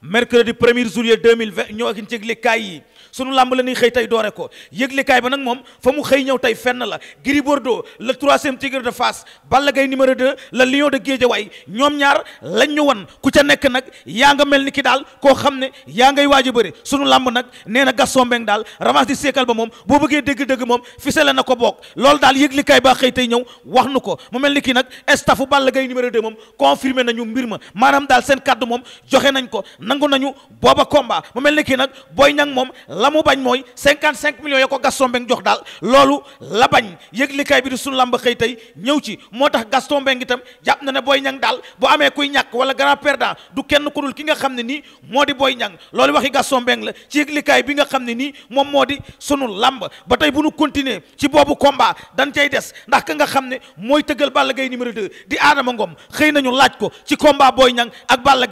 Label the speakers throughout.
Speaker 1: mercredi premier juillet 2020 ñoo ak yëglekaay yi sunu làmb la ñuy xëy tey doore ko yëglekaay ba nag moom fa mu xëy ñëw tey fenn la Gris Bordeaux le troisième tigre de Fass Balla Gaye numéro 2 la lion de Guédiawaye ñoom ñaar lañ ñu wan ku ca nekk nag yaa nga mel ni ki daal koo xam ne yaa ngay waaj a bëri sunu làmb nag nee na Gaston daal ramas di seekal ba moom boo bëggee dëgg-dëgg moom fisele na ko bokk loolu daal yëglekaay ba xëy tey ñëw wax nu ko mu mel ni ki nag staffu Balla Gaye numéro 2 moom confirmé nañu mbir ma maanaam daal seen kàddu moom joxe nañ ko nangu nañu booba combat mu mel ni kii nag booy Niang moom la mu bañ mooy cinquante cinq millions ko Gaston Mbengue jox daal loolu la bañ yëglikaay bi di sunu làmb xëy tey ñëw ci moo tax Gaston Mbengue itam jàpp na ne booy ñang daal bu amee kuy ñàkk wala grand perdant du kenn ku dul ki nga xam ne nii moo di Boy Niang loolu waxi Gaston Mbengue la ci yëglikaay bi nga xam ne nii moom moo di sunu làmb ba tey bu nu continuer ci boobu combat dañ cay des ndax ka nga xam ne mooy tëggal Balla gay numéro 2 di Adama Ngom xëy nañu laaj ko ci komba booy Niang ak Balla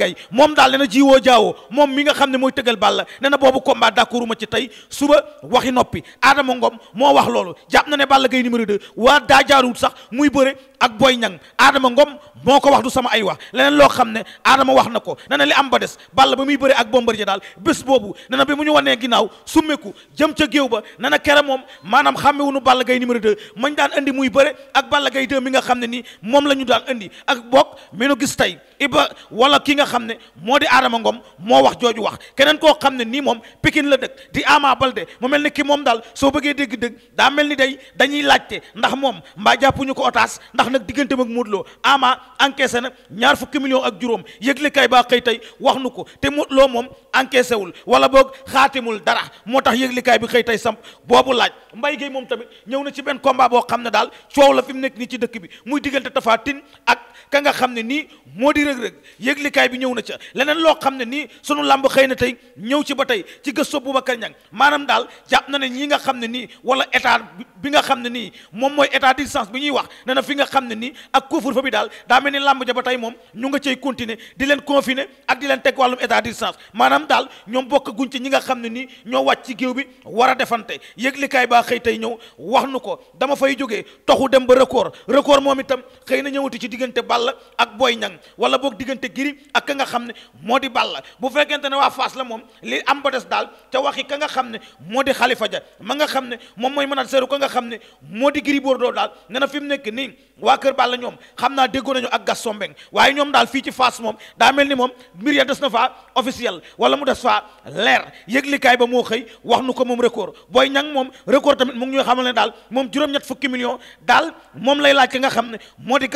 Speaker 1: jaawo moom mi nga xam ne mooy tëgal Balla ne na boobu combat d'accorduma ci tey suba waxi noppi Adama ngoom moo wax loolu jàpp na ne Balla gay numéro 2 waa daa jaarul sax muy bëre ak booy Niang Adama ngoom moo ko wax du sama ay wax leneen loo xam ne Adama wax na ko nee na li am ba des Balla ba muy bëre ak Bombardier daal bés boobu nee na bi mu ñu wanee ginnaaw summeku jëm ca géew ba nee na kere moom maanaam xàmmewuñu Balla Gaye numéro 2 mañ daan andi muy bëre ak Balla Gaye 2 mi nga xam ne nii moom la ñu daan andi ak bokk mi nu gis tey Iba wala ki nga xam ne moo di Adama Ngom moo wax jooju wax keneen koo xam ne nii moom Pikine la dëkk di Ama Baldé mu mel ni ki moom daal soo bëggee dégg-dégg daa mel ni day dañuy laajte ndax moom mbaa jàppuñu ko otaas ndax ndax nag digganteem ak Modou Lo Ama encaissé na ñaar fukki millions ak juróom yëgle kay baa xëy tey wax nu ko te Modou Lo moom encaissé wul wala boog xaatimul dara moo tax yëgle kay bi xëy tey samp boobu laaj mbay Guèye moom tamit ñëw na ci benn combat boo xam ne daal coow la fi mu nekk nii ci dëkk bi muy diggante Tapha Tine ak. ka nga xam ne nii moo di rëg-rëg yëglikaay bi ñëw na ca leneen loo xam ne nii sunu làmb xëy na tey ñëw ci ba tey ci gëstu bu ba Niang maanaam daal jàpp na ne ñi nga xam ne nii wala état bi nga xam ne nii moom mooy état d'urgence ñuy wax ne na fi nga xam ne nii ak couvre-feu bi daal daa mel ni làmb ja ba tey moom ñu nga cay continuer di leen confiner ak di leen teg wàllum état d'urgence maanaam daal ñoom bokk guñ ci ñi nga xam ne nii ñoo ci géew bi war a defante yëglikaay baa xëy tey ñëw wax nu ko dama fay jóge toxu dem ba record record moom itam xëy na ñëwati ci diggante ba Balla ak Boy Niang wala boog diggante Gris ak ka nga xam ne moo di Balla bu fekkente ne waa Fass la moom li am ba des daal ca waxi ka nga xam ne moo di Khalifa Dia ma nga xam moom mooy mën a seeru ka nga xam ne moo di Gris Bordeaux daal ne na fi mu nekk nii waa Kër Balla ñoom xam naa déggoo nañu ak Gaston Mbengue waaye ñoom daal fii ci Fass moom daa mel ni moom mbir ya des na faa officiel wala mu des faa leer yëglikaay ba moo xëy wax nu ko moom record Boy Niang moom record tamit mu ngi ñuy xamal ne daal moom juróom-ñett fukki million daal moom lay laaj ka nga xam ne moo di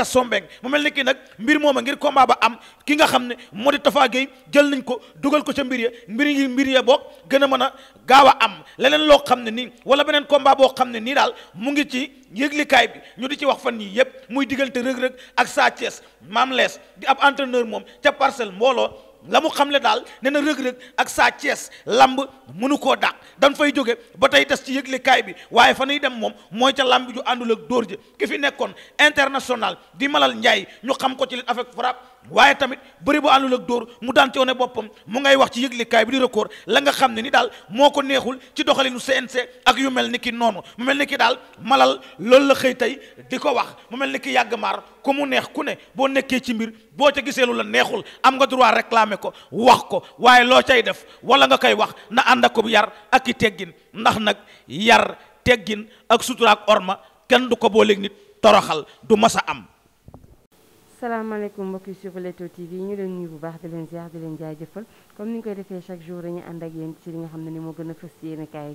Speaker 1: ki nag mbir mooma ngir combat ba am ki nga xam ne moo di Tafa Gueye jël nañ ko dugal ko ca mbir ya mbir yi mbir ya boog gën a mën a gaaw a am leneen loo xam ne nii wala beneen combat boo xam ne nii daal mu ngi ci yëglikaay bi ñu di ci wax fan yii yëpp muy diggante rëg-rëg ak Sa Thiès Mame di ab entraîneur moom ca parcelle mbooloo la mu xamle daal nee na rëg-rëg ak saa Thiès lamb mënu koo dàq dañ fay jóge ba tey des ci yëgle kaay bi waaye fa nuy dem moom mooy ca lamb ju àndul ak dóor ji ki fi nekkoon international di Malal Ndiaye ñu xam ko ci lit avec frappe waaye tamit bëri bu àndul ak dóor mu daan ci coone boppam mu ngay wax ci yëglikaay bi di record la nga xam ne ni daal moo ko neexul ci doxalinu CNC ak yu mel ni ki noonu mu mel ni ki daal malal loolu la xëy tey di ko wax mu mel ni ki yàgg maar ku mu neex ku ne boo nekkee ci mbir boo ca gisee lu la neexul am nga droit réclamer ko wax ko waaye loo cay def wala nga koy wax na ànd ak ko yar ak i teggin ndax nag yar teggin ak sutura ak orma kenn du ko booleeg nit toroxal du mas am.
Speaker 2: salaamaaleykum mbokki yi sur Leewtoo TV ñu leen nuyu bu baax di leen ziar di leen jaajëfal comme ni koy defee chaque jour dañu ànd ak yéen ci li nga xam ne ni moo gën a fës yéen kaay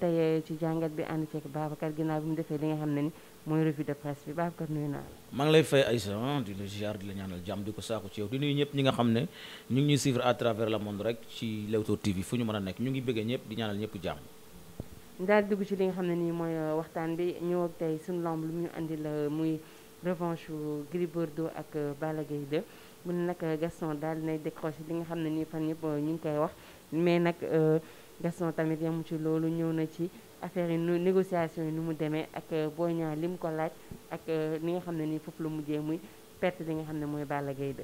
Speaker 2: eh, ci jàngat bi ànd ceeg Babacar ginnaaw bi mu defee li nga xam ne mooy revue de presse bi Babacar nuyu naa la.
Speaker 1: maa ngi lay fay Aïssa ah, di la ziar di la ñëpp ñi nga xam ne ñu ngi ñuy suivre à travers le monde rek TV fu ñu mën a nekk ñu ngi bëggee ñëpp di ñaanal ñëpp jàmm
Speaker 2: daal dugg ci li nga xam ne nii mooy eh, waxtaan bi ñëw ak tey suñu lamb lu ñu andi la eh, muy revanche gri Gris Bordeaux ak euh, Balla Gaye 2 mu ne nag euh, Gaston daal dinay décroché li nga xam ne nii fan yëpp euh, ñu ngi koy wax mais nag Gaston tamit yamu ci loolu ñëw na ci affaire yi négociation yi nu mu demee ak Boy Niang li mu ko laaj ak li nga xam ne nii foofu la mujjee muy perte li nga xam ne mooy Balla Gaye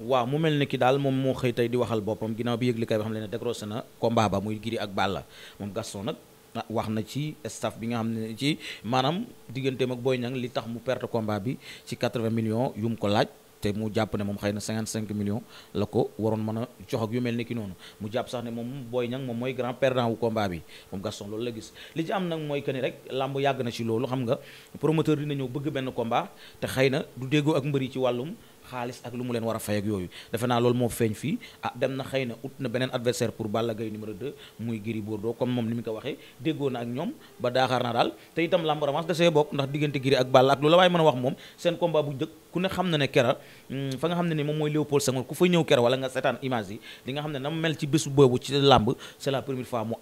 Speaker 1: 2 waaw mu mel ni ki daal moom moo xëy tey di waxal boppam ginnaaw bi yëgle kay ba xam ne décroché na combat ba muy Gris ak Balla moom Gaston nag Ah, wax na ci staff bi nga xam ne ci maanaam digganteem ak Boy Niang li tax mu perte combat bi ci 80 millions yu mu ko laaj te mu jàpp ne moom xay na cinquante cinq millions la ko waroon mën a jox ak yu mel ni ki noonu mu jàpp sax ne moom Boy Niang moom mooy grand perdant wu combat bi moom Gaston loolu la gis li ci am nag mooy que ni rek làmb yàgg na ci loolu xam nga promoteur dina ñëw bëgg benn komba te xay na du déggoo ak mbër yi ci wàllum xaalis ak lu mu leen war a fay ak yooyu defe naa loolu moo feeñ fii ah dem na xëy na ut na beneen adversaire pour Balla Gaye numéro 2 muy Gris Bordeaux comme moom ni mu ko waxee déggoo na ak ñoom ba daaxaar na daal te itam lamb revanche dasee bokk ndax diggante Gris ak Balla ak lu la waaye mën a wax moom seen combat bu njëkk ku ne xam na ne kera mm, fa nga xam ne ni moom mooy Léopold Senghor ku fa ñëw kera wala nga seetaan image yi li xam ne na mel ci bésu boobu ci lamb c'est la première fois mu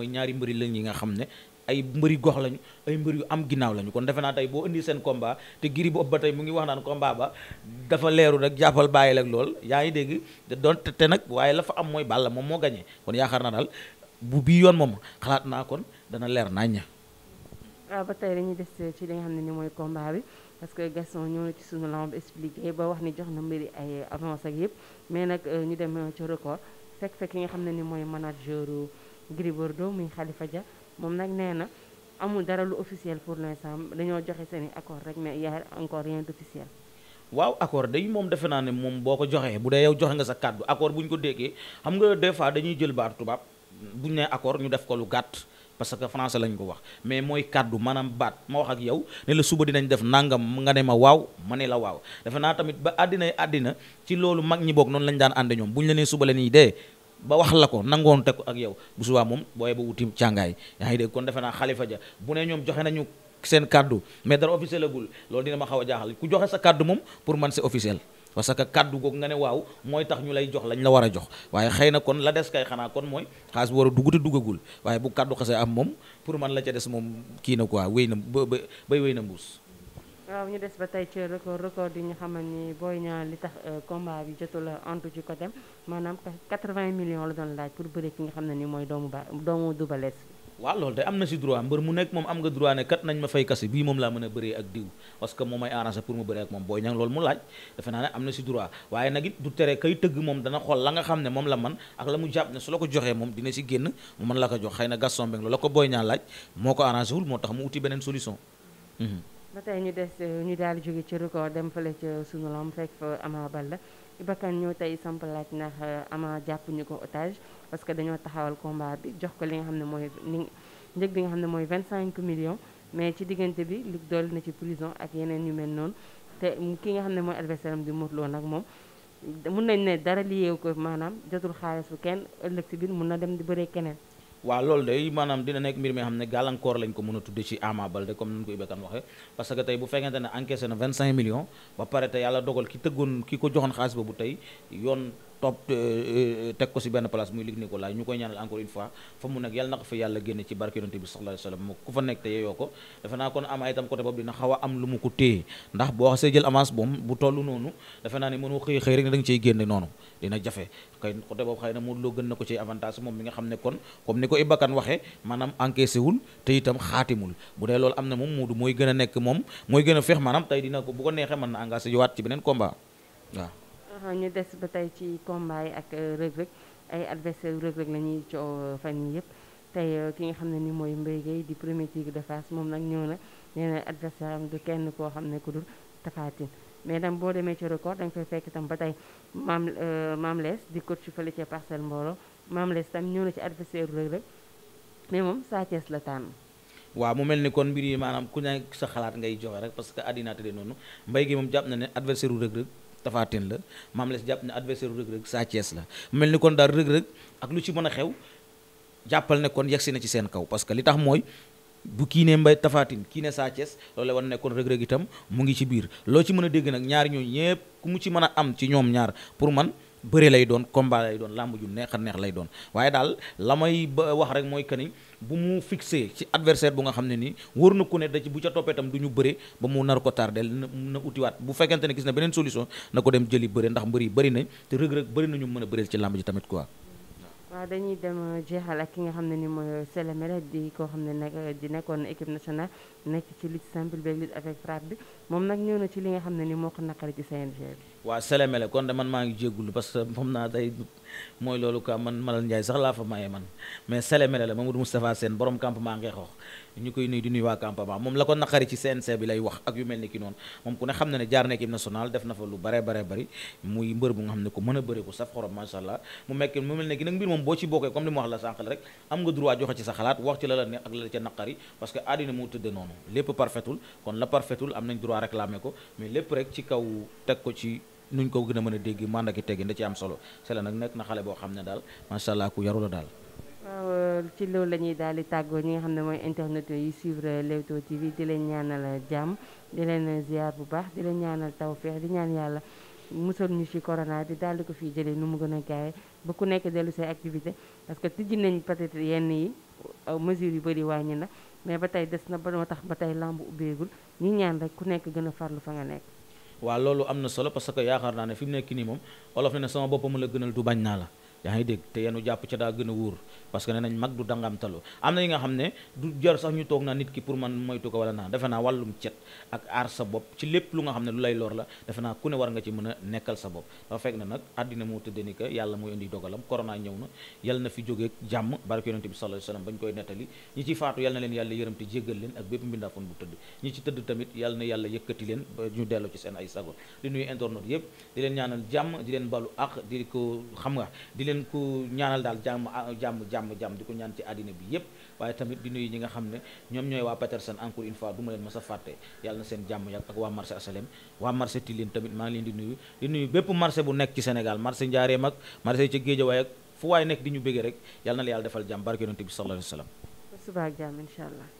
Speaker 1: yi nga xam ne ay mbëri gox lañu ay mbër yu am ginnaaw lañu kon defe naa tey boo indi seen combat te giri ba tey mu ngi wax naan combat ba dafa leeru rek jàppal bàyyi ak lool yaa ngi dégg te doon te nag waaye la fa am mooy Balla moom moo gañee kon yaakaar naa daal bu bii yoon moom xalaat naa kon dana leer naññ.
Speaker 2: waaw ba tey dañuy des ci li nga xam ne ni mooy combat bi parce que Gaston ñoo na ci sunu lamb expliqué ba wax ni jox na mbiri ay avance ak yëpp mais nag euh, ñu dem euh, ci record fekk fekk ki nga xam ne ni mooy manageru Gris Bordeaux muy moom nag nee na amul dara lu officiel pour l'instant dañoo joxe seen i accord rek mais y a encore rien d'officiel
Speaker 1: waaw accord day moom defe naa ne moom boo ko joxee bu dee yow joxe nga sa kàddu accord bu ñu ko déggee xam nga des fois dañuy jël baatu tubaab bu ñu nee accord ñu def ko lu gàtt parce que français lañ ko wax mais mooy kàddu maanaam baat ma wax ak yow ne la suba dinañ def nangam nga ne ma waaw ma ne la waaw defe naa tamit ba àddina àddina ci loolu mag ñi boog noonu lañ daan ànd ñoom bu ñu la suba la ñuy dee ba wax la ko nangoon te ko ak yow bu subaa moom booyee ba wuti càngaay yaa ngi dégg kon defe naa xalifa ja bu ne ñoom joxe nañu seen kàddu mais dara officiel agul loolu dina ma xaw a jaaxal ku joxe sa kàddu moom pour man c'est officiel parce que kàddu googu nga ne waaw mooy tax ñu lay jox lañ la war a jox waaye xëy na kon la des kay xanaa kon mooy xaalis bu war a dugg te duggagul waaye bu kàddu xasee am moom pour man la ca des moom kii na quoi wéy na ba bay wéy na mbuus
Speaker 2: waaw ñu des ba tey ci record record yi ñu xamal ni Boy Niang li tax euh, combat bi jotul antu ci côté maanaam 80 millions la doon laaj pour bëre ki nga xam ne ni mooy doomu ba doomu Double Less.
Speaker 1: waaw loolu de am na si droit mbër mu nekk moom am nga droit ne kat nañ ma fay kase bii moom laa mën a bëree ak diw parce que moom may arrangé mu bëree moom Boy Niang loolu mu laaj ne am na si droit waaye nag it du tere kay tëgg moom dana xool la nga xam ne moom la man ak la mu jàpp ne su la ko joxee moom dina si génn mu mën la ko jox xëy na Gaston Mbengue la ko Boy Niang laaj moo ko arrangé wul moo tax mu uti beneen solution
Speaker 2: mhm. ba tey ñu des euh, ñu daal di jóge ci record dem fële ca sunu lam fekk fa Ama Baldé bakkan ñëw tey samp laaj ndax euh, Ama jàpp ñu ko otage parce que dañoo taxawal combat bi jox ko li nga xam ne mooy ni njëg bi nga xam ne mooy 25 millions mais ci diggante bi li na ci prison ak yeneen yu mel noonu te ki nga xam ne mooy adversaire am di Modou nag moom mun nañ ne dara liyeew ko maanaam jotul xaalis bu kenn ëllëg si biir mun na dem di bëree keneen
Speaker 1: waaw loolu day maanaam dina nekk mbir mi xam ne gàllankoor lañ ko mën a tudde ci Ama Baldé comme nañu ko Iba Kane waxee parce que tey bu fekkente ne encaissé na 25 millions ba pare te yàlla dogal ki tëggoon ki ko joxoon xaalis boobu tey yoon topp eh, eh, teg ko si benn place muy Luc Nicolaï ñu koy ñaanal encore une fois fa mu nekk yàlla na ko fa yàlla génne ci barke yonent bi sallallahu alayhi wasallam ku fa nekk te yeyoo ko defe naa kon ama itam côté boobu dina xaw a am lu mu ko téye ndax boo xasee jël avance boom bu toll noonu defe naa ne mënoo xëy xëy rek ne da nga cey génne noonu dina jafe kay côté boobu xëy na Modou Lo gën na ko ci avantage moom mi nga xam ne kon comme ni ko Iba Kane waxee maanaam encaissé wul te itam xaatimul bu dee loolu am na moom Modou mooy gën a nekk moom mooy gën a feex maanaam tey dina ko bu ko neexee mën na engagé yowaat ci beneen combat waaw
Speaker 2: ñu des ba tey ci combat yi ak euh, Reug Reug ay adversaire Reug Reug la ñuy coow euh, fan yi yëpp tey euh, ki nga xam ne ni mooy Mbaye di premier tigre de Fass moom nag ñëw na nee na kenn koo xam ne ku dul Tapha mais tam boo demee ci record da nga fay fekk ba tey maam maam lees di coach fële ca parcelle mbooloo maam lees tam ñëw na ci adversaire Reug Reug mais moom Sa Thiès la tànn
Speaker 1: waaw mu mel ni kon mbir yi maanaam ku ne sa xalaat ngay joxe rek parce que àddina tëddee noonu Mbaye Guèye moom jàpp na ne adversaire Reug Reug Tapha Tine la Mame Less jàpp ne adversaire Reug Reug Sa Thiès la mel ni kon daal Reug Reug ak lu ci mën a xew jàppal ne kon yegsi na ci seen kaw parce que li tax mooy bu kii ne mbay Tapha kii ne Sa Thiès loolu la war ne kon Reug itam mu ngi ci biir loo ci mën a dégg nag ñaar ñooñu ñëpp ku mu ci mën a am ci ñoom ñaar pour man bëre lay doon combat lay doon làmb ju neex a neex lay doon waaye daal la may wax rek mooy que ni bu mu fixé ci adversaire bu nga xam ne ni wóor na ko ne da ci bu ca toppee itam du ñu bëre ba mu nar ko tardel na utiwaat bu fekkente ne gis na beneen solution na ko dem jëli bëre ndax mbër yi bëri nañ te rëg-rëg bëri nañu mën a bëreel ci làmb ji tamit quoi
Speaker 2: waaw dañuy dem euh, jeexal ak ki nga xam ne ni mooy euh, Sélémélé di koo xam ne nag euh, di nekkoon équipe nationale nekk ci lutte simple beeg avec frappe bi moom nag ñëw na ci li xam ne ni moo ko naqari
Speaker 1: waa Sélémélé kon de man maa ngi jéggulu parce que moom naa tey mooy loolu quoi man Malal Ndiaye sax laa fa maye man mais Sélémélé la Mamadou Moustapha Sène borom campement Ngexoox ñu koy nuyu di nuyu waa campement moom la ko naqari ci CNC bi lay wax ak yu mel ni ki noonu moom ku ne xam na ne jaar na équipe nationale def na fa lu bare bare bari muy mbër bu nga xam ne ku mën a bëri ku saf xorom macha allah mu mekk mu mel ne ki nag mbir moom boo ci bokkee comme li ma wax la sànq la rek wax ci la la ne ak la ca naqari parce que àddina moo tëdd noonu lépp parfaitul kon la parfaitul am nañ droit réclamer ko mais rek ci kaw ko ci ñu ko gën a mën a dégg mànda ki teggin da ci am solo Sélé nag nekk na xale boo xam ne daal macha allah ku yaru daal.
Speaker 2: ci loolu la ñuy daal di tàggoo ñi nga xam ne mooy internet yi suivre Leewtoo TV di leen la jàmm di leen ziar bu baax di leen ñaanal tawféex di ñaan yàlla musal ñu ci corona di daal di ko fii jële nu mu gën a gaawee ba ku nekk dellu see activité parce que tijji nañ peut-être yenn yi aw mesures yu bëri wàññi na mais ba tey des na ba moo tax ba tey lamb ubbeegul ñi ñaan rek ku nekk gën a farlu fa nga nekk.
Speaker 1: waaw loolu am na solo parce que yaakaar naa ne fi mu nekk nii moom olof ne ne sama boppam la gënal du bañ naa la yaa ngi dégg te yenu jàpp ca daa gën a wóor parce que nee nañ mag du dangamtalu am na yi nga xam ne du jar sax ñu toog naa nit ki pour man moytu ko wala naa defe naa wàllum cet ak aar sa bopp ci lépp lu nga xam ne lu lay lor la defe naa ku ne war nga ci mën a nekkal sa bopp dafa fekk na nag àddina moo tëddee yàlla mooy indi dogalam corona ñëw na yàlla na fi jógee jàmm barke yonente bi sallallahu alayhi wasallam bañ koy nettali ñi ci faatu yàlla leen yàlla leen ko ñaanal daal jàmm ah, jàmm jàmm jàmm di ko ñaan ci àddina bi yépp waaye tamit di nuyu ñi nga xam ne ñoom ñooy waa Petersen encore une fois du ma leen mës a fàtte yàlla na seen jàmm yàgg ak waa marché asalem waa marché Tilène tamit maa ngi leen di nuyu di nuyu bépp marché bu nekk ci Sénégal marché Njaareem ak marché ca Géejawaay ak fu waay nekk di ñu bëggee rek yàlla na la yàlla defal jàmm barke yonent bi sallallahu alayhi